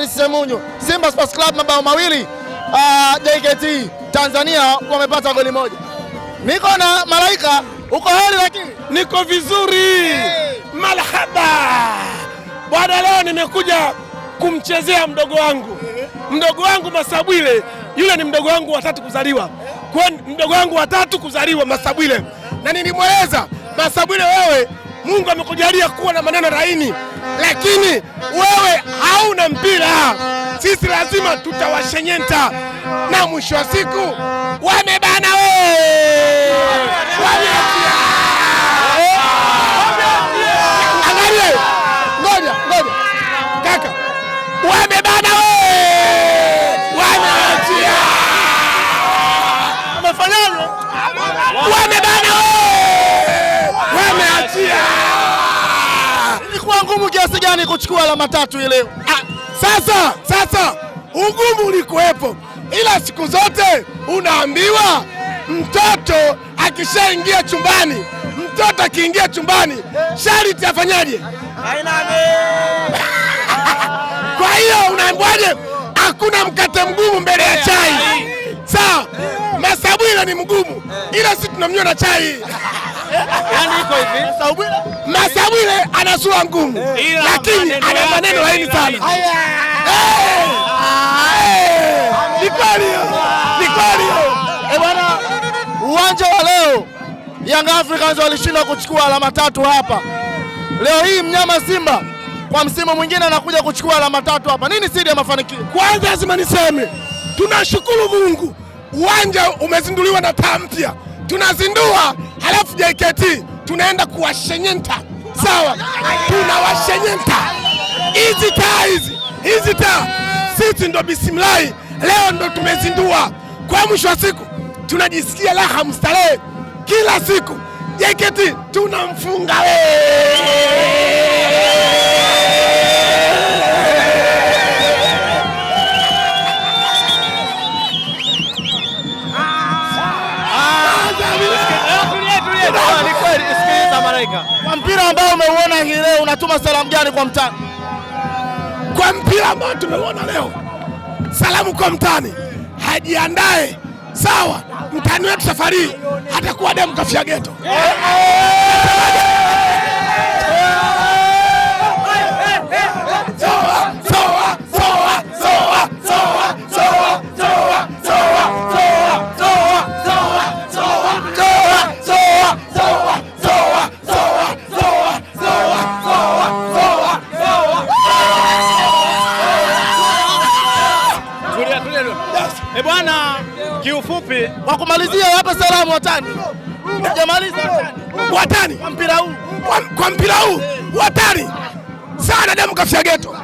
Faris Semunyo. Simba Sports Club mabao mawili, uh, ah, JKT Tanzania wamepata goli moja. Niko na Malaika, uko hali lakini niko vizuri hey. Malhaba bwana, leo nimekuja kumchezea mdogo wangu mdogo wangu Masabwile, yule ni mdogo wangu watatu kuzaliwa kwa mdogo wangu watatu kuzaliwa Masabwile, na nilimweleza Masabwile, wewe Mungu amekujalia kuwa na maneno laini, lakini wewe hauna mpira. Sisi lazima tutawashenyenta, na mwisho wa siku wamebana we kiasi gani kuchukua alama tatu ile? Ah, sasa sasa ugumu ulikuwepo, ila siku zote unaambiwa mtoto akishaingia chumbani, mtoto akiingia chumbani sharti afanyaje? Kwa hiyo unaambiwaje? Hakuna mkate mgumu mbele ya chai, eh. sawa? Masabwila ni mgumu, ila si tunamnywa na chai. Yaani iko hivi Masawile ana sura ngumu, lakini ana maneno laini sana. Ni kweli, ni kweli. Eh, bwana, uwanja wa leo Young Africans walishindwa kuchukua alama tatu hapa. Leo hii mnyama Simba kwa msimu mwingine anakuja kuchukua alama tatu hapa. Nini siri ya mafanikio? Kwanza lazima niseme tunashukuru Mungu, uwanja umezinduliwa na taa mpya, tunazindua halafu JKT tunaenda kuwashenyenta, sawa? Tunawashenyenta hizi taa hizi hizi taa, sisi ndo bismilahi, leo ndo tumezindua. Kwa mwisho wa siku tunajisikia raha mstarehe kila siku. JKT tunamfunga wewe Kenya. Kwa mpira ambao umeuona hii leo unatuma salamu gani kwa mtani? Kwa mpira ambao tumeuona leo, salamu kwa mtani, hajiandae sawa. Mtani wetu safari hatakuwa Demu Kafyageto. Eh, eh. Eh bwana, kiufupi kwa kumalizia, wape salamu watani. Hajamaliza watani kwa mpira huu, kwa mpira huu watani sana, damu kafia geto.